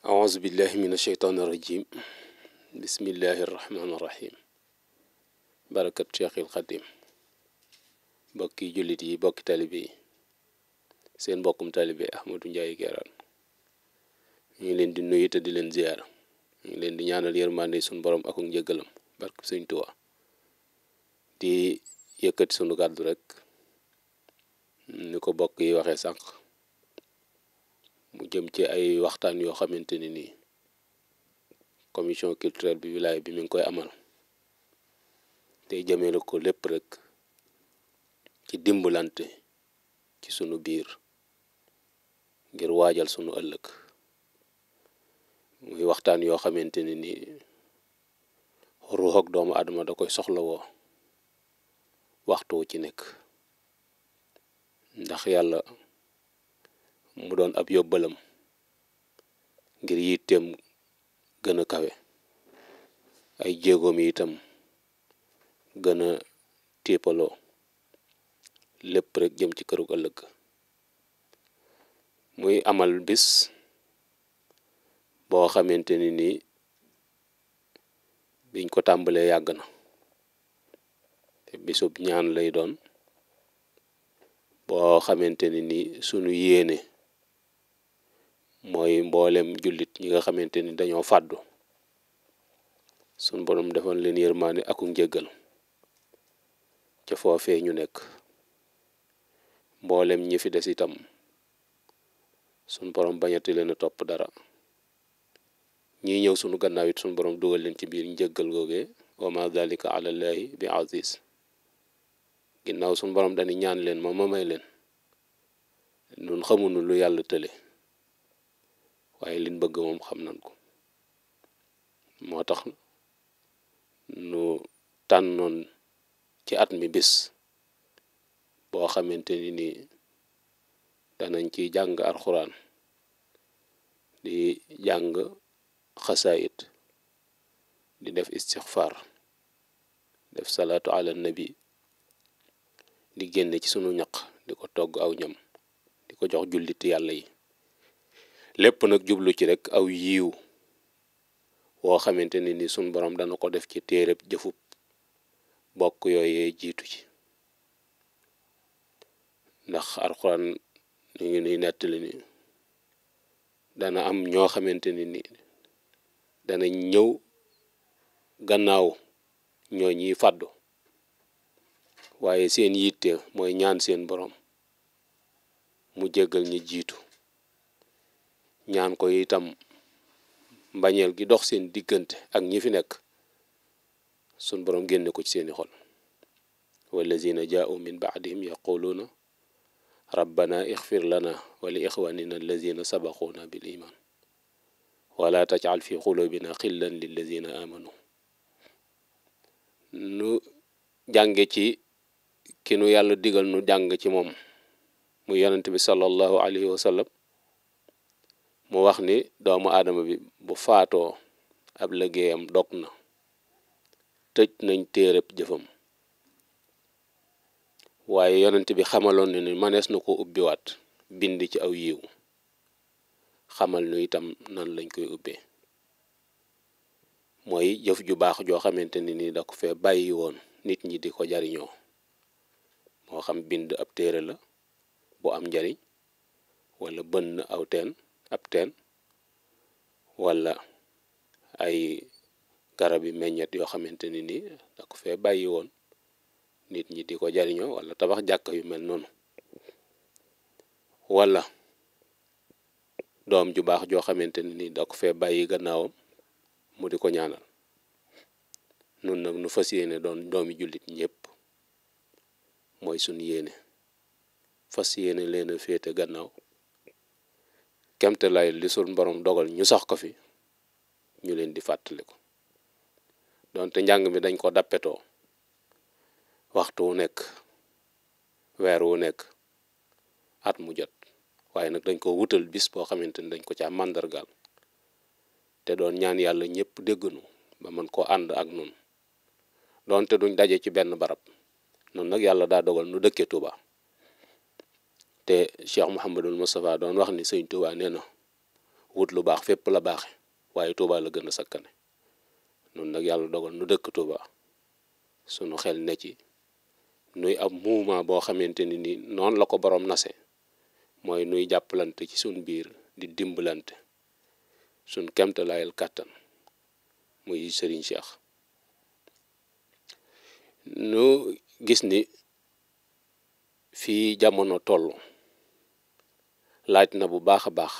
أعوذ بالله من الشيطان الرجيم بسم الله الرحمن الرحيم بركة شيخ القديم bokki jullit yi bokki talibe yi seen bokkum talibe Ahmadou Ndiaye Guéral ñu ngi leen di nuyu te di leen ziyaar ñu ngi leen di ñaanal yërmande suñu borom ak njëggalam barke Sëñ Tuubaa di yëkkati sunu kàddu rek ni ko bokk yi waxee sànq jëm ci ay waxtaan yoo xamante ni nii commission culturelle bi wilaay bi mi ngi koy amal te jëmee ko lépp rek ci dimbalante ci sunu biir ngir waajal sunu ëllëg muy waxtaan yoo xamante ni nii doomu adama da koy soxlawoo waxtu wu ci nekk ndax yàlla mu doon ab yóbbalam ngir yitteem gën a kawe ay jéegoom yi itam gën a tiipaloo lépp rek jëm ci kërug ëllëg muy amal bis boo xamante ni nii biñ ko tàmbalee yàgg na te ñaan lay doon boo xamante ni nii sunu yéene mooy mboolem jullit ñi nga xamante ni dañoo fàddu suñ borom defal leen yërmaane aku njëggal ca foofee ñu nekk mboolem ñi fi des itam sun borom bañati leen topp dara ñi ñëw sunu gannaaw it sunu borom dugal leen ci biir njëggal googee wa ma dalika alallahi bi aziz ginnaaw sunu borom dañu ñaan leen ma ma may leen nun xamuñu lu yàlla tële waaye liñ bëgg moom xam nañ ko moo tax nu tànnoon ci at mi bis boo xamante ni nii danañ ci jàng alxuraan di jàng xasaayit di def istixfaar def salaatu ala nabi di génne ci sunu ñaq di ko togg aw ñam di ko jox jullit yàlla yi lépp nag jublu ci rek aw yiiw woo xamante ne ni suñ borom dana ko def ci téereb jëfub bokk yooyee jiitu ci ndax alxuraan ñu ngi nuy nettali ni dana am ñoo xamante ne ni dana ñëw gannaaw ñoo ñiy fàddu waaye seen yitte mooy ñaan seen borom mu jéggal ñi jiitu ñaan ko itam mbañeel gi dox seen diggante ak ñi fi nekk sun borom génne ko ci seeni xol wallazina jaau min baadihim yaquluuna rabbana ixfir lana wa li ixwanina allazina sabaquuna bil iman wala tajal fi qulubina xillan lillazina amanu nu jànge ci ki nu yàlla digal nu jàng ci moom mu yonent bi sallallahu alayhi wa sallam mu wax ni doomu aadama bi bu faatoo ab liggéeyam dog na tëj nañ téereb jëfam waaye yonent bi xamaloon na ni manees na ko ubbiwaat bind ci aw yiw xamal nu itam nan lañ koy ubbee mooy jëf ju baax joo xamante ni ni da ko fee bàyyi woon nit ñi di ko jariñoo moo xam bind ab téere la bu am njariñ wala bënn aw teen ab teen wala ay garab yi meññet yoo xamante ni nii da fe fee bàyyi woon nit ñi di ko jariñoo wala tabax jàkka yu mel noonu wala doom ju baax joo xamante ni nii da ko fee bàyyi gannaawam mu di ko ñaanal nun nag nu fas yéene doon doomi jullit ñépp mooy sunu yéene fas yéene leen a féete gannaaw kemte lay li suñ borom dogal ñu sax ko fi ñu leen di fàttaliku donte njàng mi dañ ko dappetoo waxtu wu nekk weer wu nekk at mu jot waaye nag dañ ko wutal bis boo xamante ni dañ ko caa màndargaal te doon ñaan yàlla ñëpp déggnu ba mën koo ànd ak nun doonte duñ daje ci benn barab noonu nag yàlla daa dogal nu dëkkee Tuuba te Cheikh Mouhamadul Moustapha doon wax ni sëñ Touba nee na wut lu baax fépp la baaxe waaye Touba la gën a sakkane noonu nag yàlla dogal nu dëkk Touba sunu xel ne ci nuy ab mouvement boo xamante ni ni noonu la ko boroom nase mooy nuy jàppalante ci suñ biir di dimbalante suñ kemtalaayal kàttan muy sëriñ Cheikh nu gis ni fii jamono toll laaj na bu baax a baax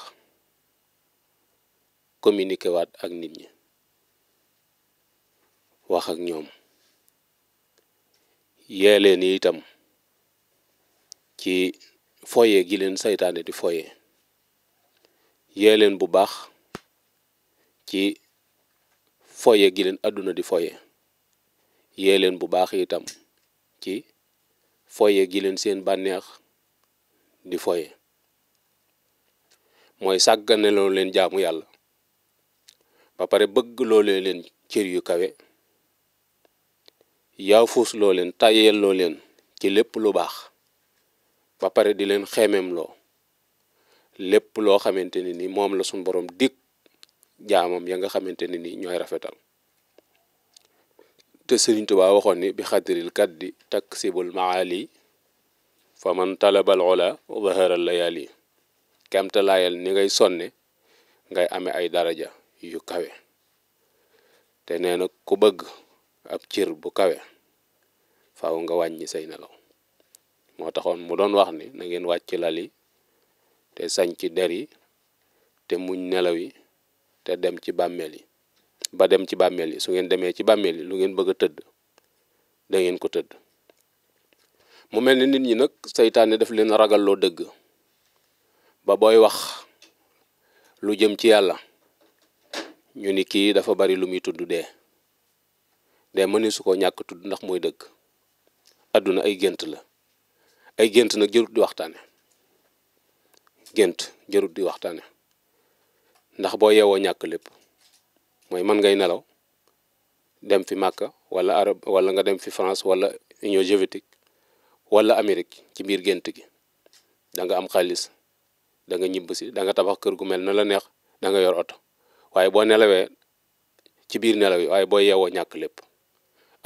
communiqué waat ak nit ñi wax ak ñoom yee itam ci foye gi leen saytaane di foye yee bu baax ci foye gi àdduna di foye yee bu baax itam ci foye gi leen seen bànneex di foye mooy sàgganeloo leen jaamu yàlla ba pare bëgg loolee leen cër yu kawe yaafuus loo leen tàyyeel loo leen ci lépp lu baax ba pare di leen xeemeem loo lépp loo xamante ne ni moom la suñ borom dig jaamam ya nga xamante ne nii ñooy rafetal te Sëriñ Tuubaa waxoon ni bi xadril kat di taksibul maali fa man talabal ola zaharal layaali kemtalaayal ni ngay sonne ngay ame ay daraja yu kawe te nee na ku bëgg ab cir bu kawe faw nga wàññi say nelaw moo taxoon mu doon wax ni na ngeen wàcc lal yi te sañ ci der yi te muñ nelaw yi te dem ci bàmmeel yi ba dem ci bàmmeel yi su ngeen demee ci bàmmeel yi lu ngeen bëgg a tëdd dangeen ko tëdd mu mel ni nit ñi nag seytaane daf leen ragalloo dëgg ba booy wax lu jëm ci yàlla ñu ni kii dafa bari lu muy tudd dee dee mëni su ñàkk tudd ndax mooy dëgg àdduna ay gént la ay gént nag jërut di waxtaane gént jërut di waxtaane ndax boo yeewoo ñàkk lépp mooy mën ngay nelaw dem fi Màkka wala arab wala nga dem fi France wala Union soviétique wala Amérique ci biir gént gi danga am xaalis danga nga danga tabax kër gu mel na la neex danga nga yor oto waaye boo nelawee ci biir nelaw yi waaye boo yeewoo ñàkk lépp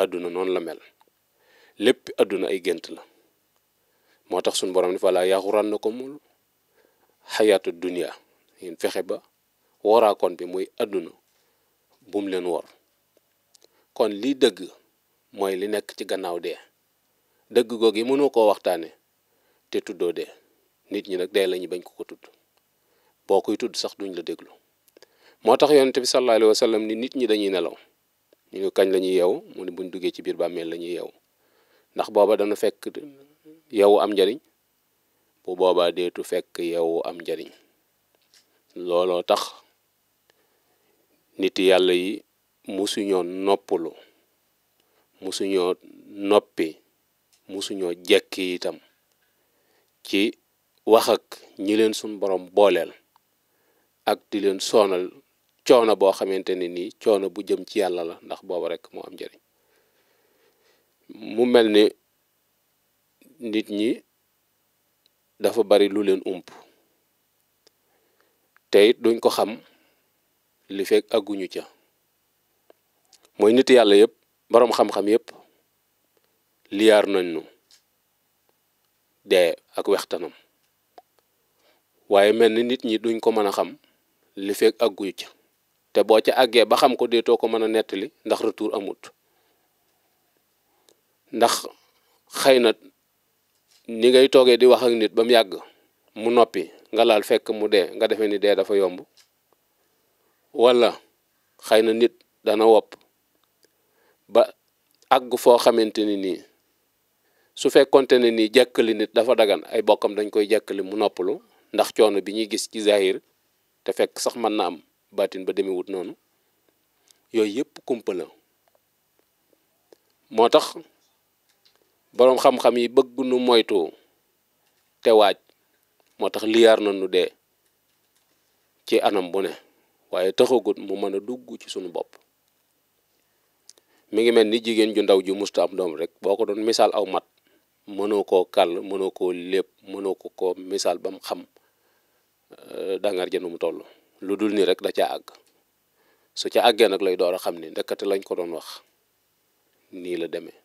adduna noonu la mel lépp adduna ay gént la moo tax suñu borom ni fa laa yaxurannakumul xayaatu duniya yéen fexe ba woraakoon bi muy adduna bum leen wor kon lii dëgg mooy li nekk ci gannaaw de dëgg googu yi mënoo ko waxtaane te tuddoo dee nit ñi nag dee lañu bañ ko ko tudd boo koy tudd sax duñ la déglu moo tax yonent bi sallallahu alayhi wa ni nit ñi dañuy nelaw ñu kañ la ñuy yeewu mu ne buñ duggee ci biir bàmmeel la ñuy yeewu ndax booba dana fekk yeewu am njariñ bu boobaa deetu fekk yeewu am njariñ looloo tax nit yàlla yi musuñoo noppalu musuñoo noppi musuñoo jekki itam ci wax ak ñi leen suñ borom booleel ak di leen soonal coono boo xamante ne nii coono bu jëm ci yàlla la ndax booba rek moo am njëriñ mu mel ni nit ñi dafa bari lu leen ump te duñ ko xam li fekk aguñu ca mooy nit yàlla yëpp boroom xam-xam yëpp liyaar nañ nu dee ak wextanam waaye mel ni nit ñi duñ ko mën a xam li fekk àgguyu ca te boo ca àggee ba xam ko deetoo ko mën a nettali ndax retour amut ndax xëy na ni ngay toogee di wax ak nit ba mu yàgg mu noppi nga laal fekk mu dee nga defe ni dee dafa yomb wala xëy na nit dana wopp ba àgg foo xamante ni nii su fekkonte ne nii jàkkali nit dafa dagan ay bokkam dañ koy jàkkali mu noppalu ndax coono bi ñuy gis ci zahir te fekk sax mën na am baatin ba demewut noonu yooyu yëpp kumpa moo tax boroom xam-xam yi bëgg nu moytu te waaj moo tax liyaar na nu dee ci anam bu ne waaye taxagut mu mën a dugg ci sunu bopp mu ngi mel ni jigéen ju ndaw ju musta am doom rek boo ko doon misaal aw mat mënoo koo kàll mënoo koo lépp mënoo ko koo misaal ba mu xam Euh, dangar ja nu mu toll lu dul nii rek da caa àgg su ca àggee nag lay door a xam ni ndekete lañ ko doon wax nii la demee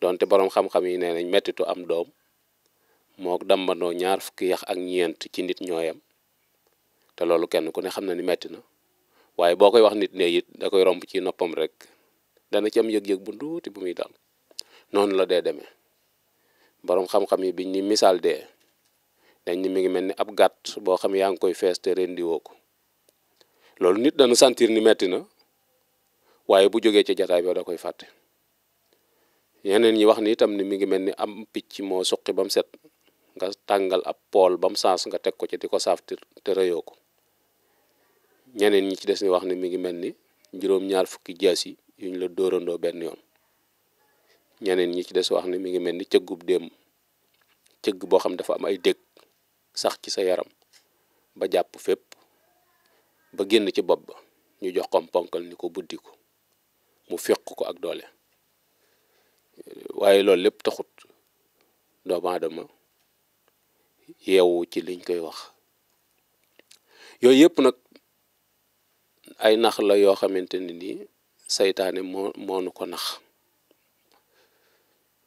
donte boroom xam-xam yi nee nañ mettitu am doom moo dambandoo ñaar fukki yax ak ñeent ci nit ñooyam te loolu kenn ku ne xam na ni metti na waaye boo koy wax nit ne it da koy romb ci noppam rek dana ci am yëg-yëg bu nduuti bu muy dal noonu la dee demee boroom xam-xam yi biñ ni misaal dee dañ ni mi ngi mel ni ab gàtt boo xam yaa ngi koy fees rendi woo loolu nit dana sentir ni metti na waaye bu jógee ci jataay da koy fàtte yeneen ñi wax ni itam ni mi ngi mel ni am picc moo suqi ba mu set nga tàngal ab pool ba mu saas nga teg ko ci di ko saaf te rëyoo ko ñeneen ñi ci des ni wax ni mi ngi mel ni juróom-ñaar fukki jaas yi yuñ la dóorandoo benn yoon ñeneen ñi ci des wax ni mi ngi mel ni cëggub déem cëgg boo xam dafa am ay dégg sax ci sa yaram ba japp fep ba genn ci bob ñu jox kom ponkal ni ko mu fekk ko ak doole waye loolu lepp taxut ba aadama yeewu ci liñ koy wax yoy yep nak ay nax la yo xamanteni ni saytane mo nu ko nax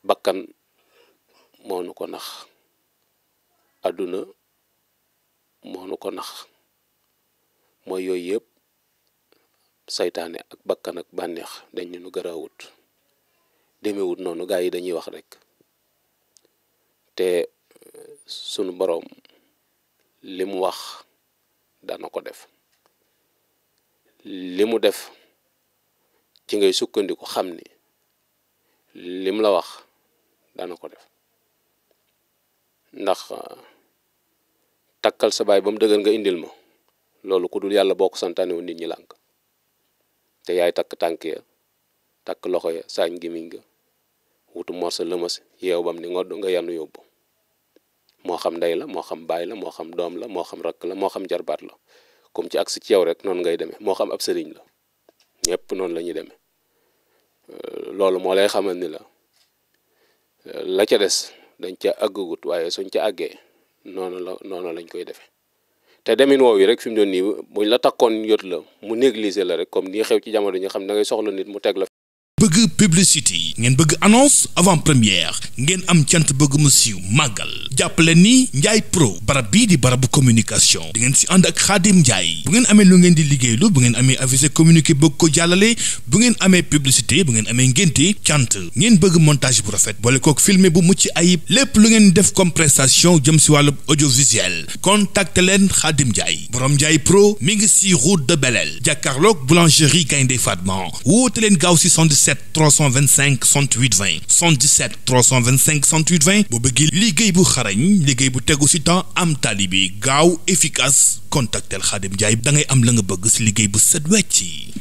bakkan nu ko nax aduna moonu ko nax mooy yooyu yëpp saytaane ak bakkan ak bànneex dañ ñu nu garaawut demewut noonu gaa yi dañuy wax rek te sunu boroom li wax dana ko def li mu def ci ngay sukkandiku xam ni lim la wax dana ko def ndax takal sa bay bam deugal nga indil ma lolou ku dul yalla bok santane won nit ñi lank te yaay tak tanke ya takk loxo ya sañ gi ga wutu morsa lëmas yew bam ni ngod nga yanu yóbbu mo xam nday la mo xam bay la mo xam dom la mo xam rak la mo xam jarbat la kum ci aksi ci yow rek non ngay deme mo xam ab serign la ñepp non lañu deme euh, lolou mo lay xamal ni la euh, la ca dess dañ ca àggagut waye suñ ca agge noonu la noonu lañ koy defee te demin woowu rek fi mu doon nii buñ la takkoon yot la mu négliger la rek comme nii xew ci jamono ñi xam da ngay soxla nit mu teg la bëgg publicité ngeen bëgg annonce avant première ngeen am cant bëgg monsieur magal ni njaay Pro barab barabu communication di ngeen si ànd ak Xaadim njaay bu ngeen amee lu ngeen di liggéeylu bu ngeen amee avisé communiqué bëgg ko jàllale bu ngeen amee publicité bu ngeen amee ngénte cant ngeen bëgg montage bu rafet boole kook filmé bu mucc ayib lépp lu ngeen def comme prestation jëm si wàllu audiovisuel contacte leen Xaadim njaay borom njaay Pro mi ngi si route de Belel jàkkaarloog boulangerie Gaynde Fatma wóote leen gaaw si 77 325 68 20 77 325 68 20 boo bëggee liggéey bu xarañ liggéey bu tegu ci temps am taalibi gaaw efficace contactel Xaadim Njaay da ngay am la nga bëgg ci liggéey bu set wecc